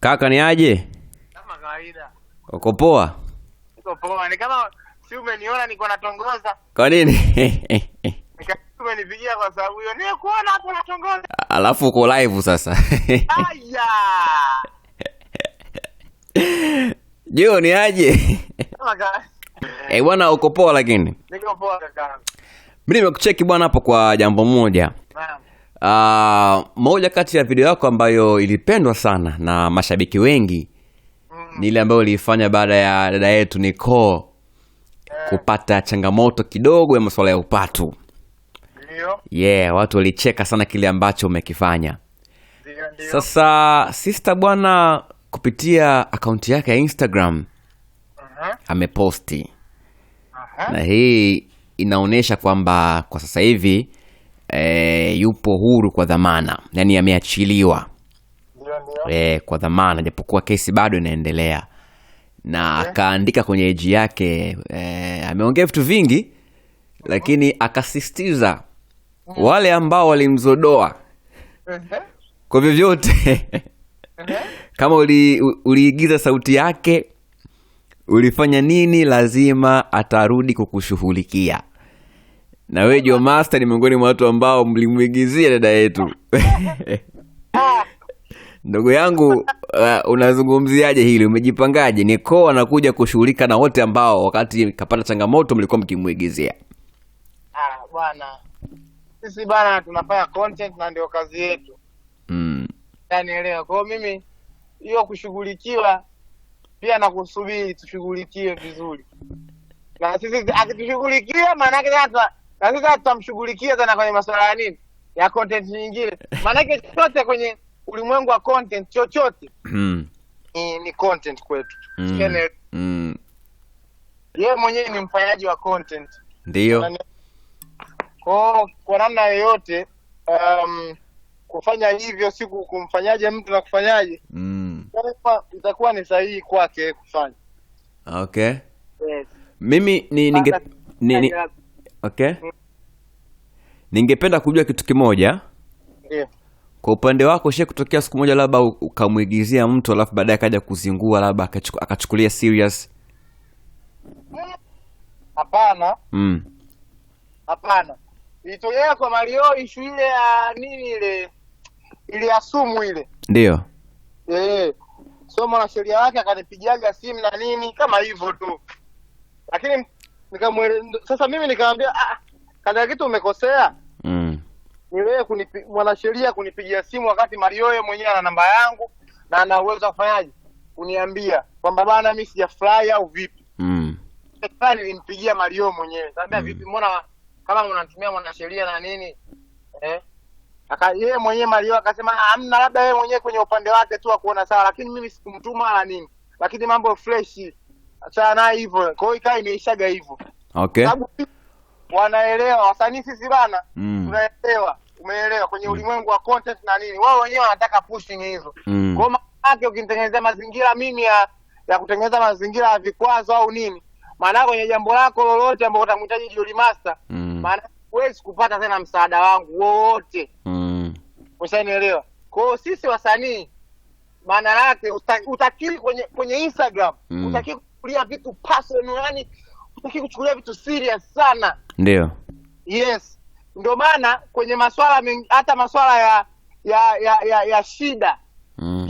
Kaka ni aje? Kama kawaida. Uko poa? Uko poa. Ni kama si umeniona niko natongoza. Kwa nini? Umenipigia kwa sababu hiyo. Ni kuona hapo natongoza. Alafu uko live sasa. Aya. jio ni aje? Kama kawaida. Eh, bwana uko poa lakini? Niko poa kaka. Mimi nimekucheki bwana hapo kwa jambo moja. Naam. Uh, moja kati ya video yako ambayo ilipendwa sana na mashabiki wengi ni ile ambayo uliifanya baada ya dada yetu Nicole kupata changamoto kidogo ya masuala ya upatu. Yeah, watu walicheka sana kile ambacho umekifanya. Sasa sister bwana kupitia akaunti yake ya Instagram uh -huh. ameposti uh -huh. na hii inaonyesha kwamba kwa sasa hivi e, yupo huru kwa dhamana, yani ameachiliwa e, kwa dhamana, japokuwa kesi bado inaendelea na eh? Akaandika kwenye eji yake e, ameongea vitu vingi lakini akasistiza mm. wale ambao walimzodoa kwa vyovyote kama uli, uliigiza sauti yake ulifanya nini, lazima atarudi kukushughulikia na we Jo Master ni miongoni mwa watu ambao mlimwigizia dada yetu ndugu yangu uh, unazungumziaje hili umejipangaje koo anakuja kushughulika na wote ambao wakati kapata changamoto mlikuwa mkimwigizia ah, bwana sisi bana tunafanya content na ndio kazi yetu mm. kwao mimi hiyo kushughulikiwa pia nakusubiri tushughulikie vizuri na sisi akitushughulikia maanake sasa lakini sasa tutamshughulikia tena kwenye masuala ya nini ya content nyingine, maanake chochote kwenye ulimwengu wa content chochote mm. ni, ni content kwetu mm. mm. yeye mwenyewe ni mfanyaji wa content ndio kwao, kwa namna yoyote um, kufanya hivyo si kumfanyaje mtu na kufanyaje mm. itakuwa ni sahihi kwake kufanya okay yes. mimi ni, ninge, ni, ni, Okay, mm. ningependa kujua kitu kimoja. Kwa upande wako she kutokea siku moja labda ukamwigizia mtu alafu baadaye akaja kuzingua labda akachukulia serious? Hapana. Mm. Hapana, ilitokea kwa Mario ishu ile ya nini ile ile ya sumu ile. ndio Eh, so sheria wake akanipigiaga simu na nini kama hivyo tu, lakini nikamwele sasa mimi nikamwambia ah, kitu umekosea mm. ni wewe mwanasheria kunipigia simu wakati Marioye mwenyewe ana namba yangu na ana uwezo wa kuniambia kwamba bana mimi sijafurahi au vipi mm. Pale nilimpigia Mario mwenyewe nikamwambia mm. vipi, mbona kama unamtumia mwanasheria na nini eh aka yeye mwenyewe Mario akasema amna, labda yeye mwenyewe kwenye upande wake tu akuona sawa, lakini mimi sikumtuma wala nini, lakini mambo fresh sana hivyo. Kwa hiyo ikawa imeishaga hivyo. Okay. Sababu wanaelewa wasanii sisi bana mm. tunaelewa. Umeelewa kwenye mm. ulimwengu wa content na nini. Wao wenyewe wanataka pushing hizo. Mm. Kwa maana ukinitengenezea mazingira mimi ya ya kutengeneza mazingira ya vikwazo au nini, maana kwenye jambo lako lolote ambalo utamhitaji Juli Master mm. maana huwezi kupata tena msaada wangu wowote mm. Ushanielewa? Kwa hiyo sisi wasanii maana yake utakiri kwenye kwenye Instagram mm. utakiri kuchukulia vitu personal, yani kuchukulia vitu serious sana. Ndio, yes, ndio maana kwenye masuala hata maswala ya ya ya ya, ya shida mm.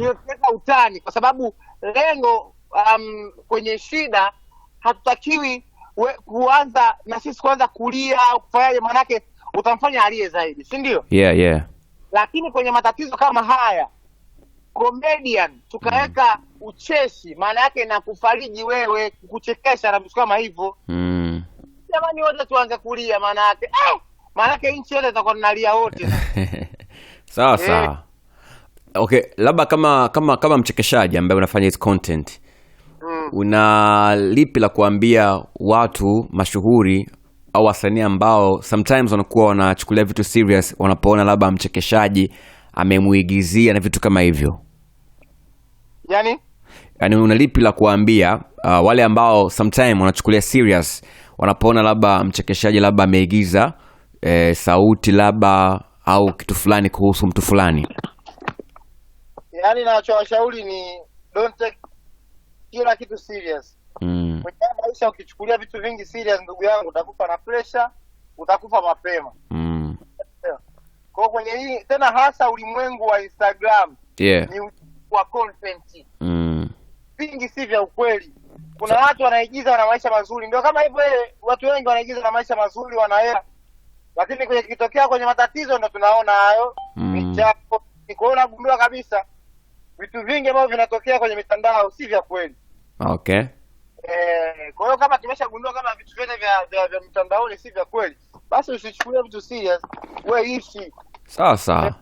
utani, kwa sababu lengo um, kwenye shida hatutakiwi we, kuanza na sisi kuanza kulia au kufanyaje, manake utamfanya aliye zaidi, si ndio? yeah, yeah. Lakini kwenye matatizo kama haya comedian tukaweka mm. ucheshi, maana yake na kufariji wewe, kukuchekesha na vitu kama hivyo mm. jamani mm. wote tuanze kulia, maana yake eh, maana yake nchi yote itakuwa tunalia wote sawa eh. Sawa, okay, labda kama kama kama mchekeshaji ambaye unafanya hizi content mm. una lipi la kuambia watu mashuhuri au wasanii ambao sometimes wanakuwa wanachukulia vitu serious wanapoona labda mchekeshaji amemwigizia na vitu kama hivyo? yani yani una lipi la kuwaambia uh, wale ambao sometime wanachukulia serious wanapoona labda mchekeshaji labda ameigiza eh, sauti labda au kitu fulani kuhusu mtu fulani yaani nachowashauri ni don't take kila kitu serious mm. kwenye maisha ukichukulia vitu vingi serious ndugu yangu utakufa na pressure utakufa mapema mm. kwa kwenye hii tena hasa ulimwengu wa instagram yeah. ni kwa content mm. si vya ukweli. Kuna watu wanaigiza wana maisha mazuri, ndio kama hivyo ile, eh, watu wengi wanaigiza na maisha mazuri, wanahela, lakini kwenye kitokea kwenye matatizo ndo tunaona hayo mm. michapo. Kwa unagundua kabisa vitu vingi ambavyo vinatokea kwenye mitandao si vya kweli. Okay. Eh, kwa hiyo kama tumeshagundua kama vitu vyote vya, vya, vya mtandaoni si vya kweli, basi usichukulie vitu serious, we ishi sawa sawa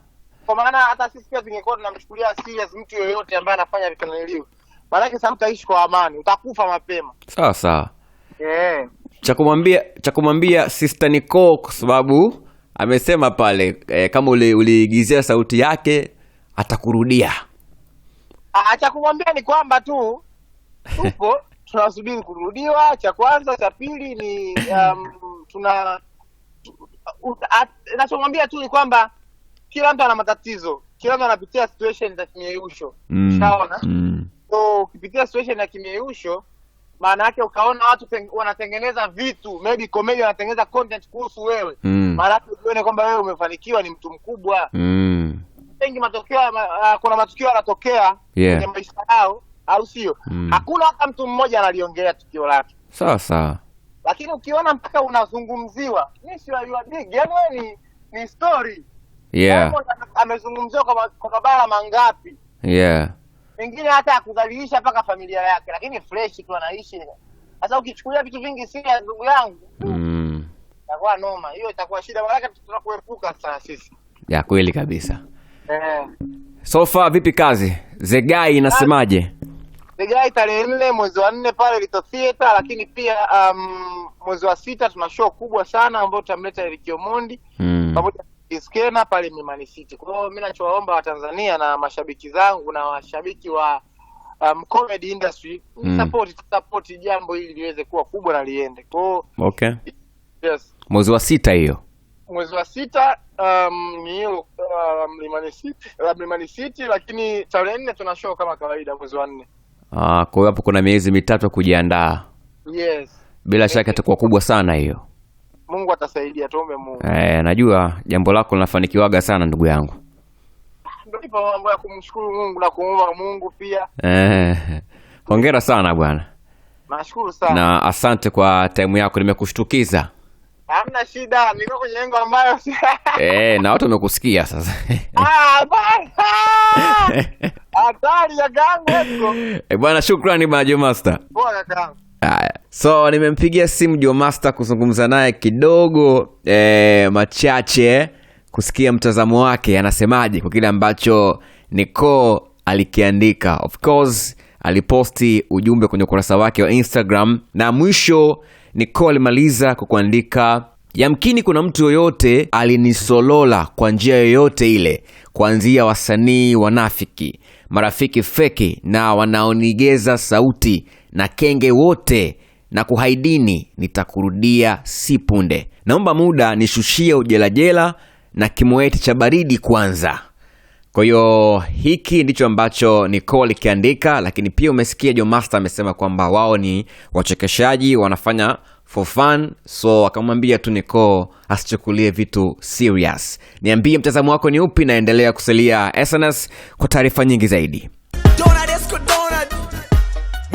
kwa maana hata sisi pia zingekuwa tunamchukulia serious mtu yoyote ambaye anafanya vitendo, maanake sasa mtaishi kwa amani, utakufa mapema. Sawa sawa, yeah. cha kumwambia cha kumwambia Sister nico kwa sababu amesema pale eh, kama uliigizia sauti yake atakurudia. Ah, ah, cha kumwambia ni kwamba tu tupo tunasubiri kurudiwa, cha kwanza. Cha pili ni um, tuna uh, nachomwambia tu ni kwamba kila mtu ana matatizo, kila mtu anapitia situation za kimieusho mm. Sawa mm. So ukipitia situation ya kimieusho, maana yake ukaona watu wanatengeneza vitu maybe comedy, wanatengeneza content kuhusu wewe mm. yake uone kwamba wewe umefanikiwa, ni mtu mkubwa mm. matokeo uh, kuna matukio yanatokea yeah. kwenye maisha yao, au sio? mm. Hakuna hata mtu mmoja analiongelea tukio lake sawa sawa, lakini ukiona mpaka unazungumziwa, yaani ni story yeah. amezungumziwa kwa mabara mangapi? yeah. Pengine hata akudhalilisha mpaka familia yake, lakini fresh tu anaishi. Sasa ukichukulia vitu vingi serious, ndugu yangu, mm. noma hiyo, itakuwa shida, maanake tunakuepuka sana sisi. ya kweli kabisa eh. sofa vipi kazi Zegai, inasemaje? Zegai tarehe nne mwezi wa nne pale Lito lakini pia um, mwezi wa sita tuna show kubwa sana ambayo tutamleta erikiomondi mm. pamoja Iskena pale Mlimani City. Kwa hiyo mimi nachowaomba Watanzania na mashabiki zangu na washabiki wa um, comedy industry mm. support support jambo hili liweze kuwa kubwa na liende. Kwa hiyo okay. Yes. Mwezi wa sita hiyo. Mwezi wa sita um, ni hiyo uh, Mlimani City, la uh, Mlimani City lakini tarehe nne tuna show kama kawaida mwezi wa nne. Ah, kwa hiyo hapo kuna miezi mitatu kujiandaa. Yes. Bila shaka itakuwa kubwa sana hiyo. Mungu atasaidia, tuombe Mungu. Eh, najua jambo lako linafanikiwaga sana ndugu yangu. Ndio hivyo mambo ya kumshukuru Mungu na kuomba Mungu pia. Eh. Hongera sana bwana. Nashukuru sana. Na asante kwa time yako nimekushtukiza. Hamna shida, niko kwenye lengo ambayo eh, na watu wamekusikia sasa. Ah, bwana. Hatari ya gangu huko. Eh, bwana shukrani bwana Master. Bwana kaka. Haya, so nimempigia simu master kuzungumza naye kidogo e, machache eh, kusikia mtazamo wake, anasemaje kwa kile ambacho Nicole alikiandika. Of course aliposti ujumbe kwenye ukurasa wake wa Instagram, na mwisho niko alimaliza kwa kuandika Yamkini kuna mtu yoyote alinisolola kwa njia yoyote ile, kuanzia wasanii wanafiki, marafiki feki na wanaonigeza sauti na kenge wote na kuhaidini, nitakurudia si punde. Naomba muda nishushie ujelajela na kimoeti cha baridi kwanza. Kwa hiyo hiki ndicho ambacho Nicole ikiandika, lakini pia umesikia jo Master amesema kwamba wao ni wachekeshaji wanafanya for fun, so akamwambia tu Nicole asichukulie vitu serious. Niambie mtazamo wako ni upi, naendelea kusalia SNS kwa taarifa nyingi zaidi.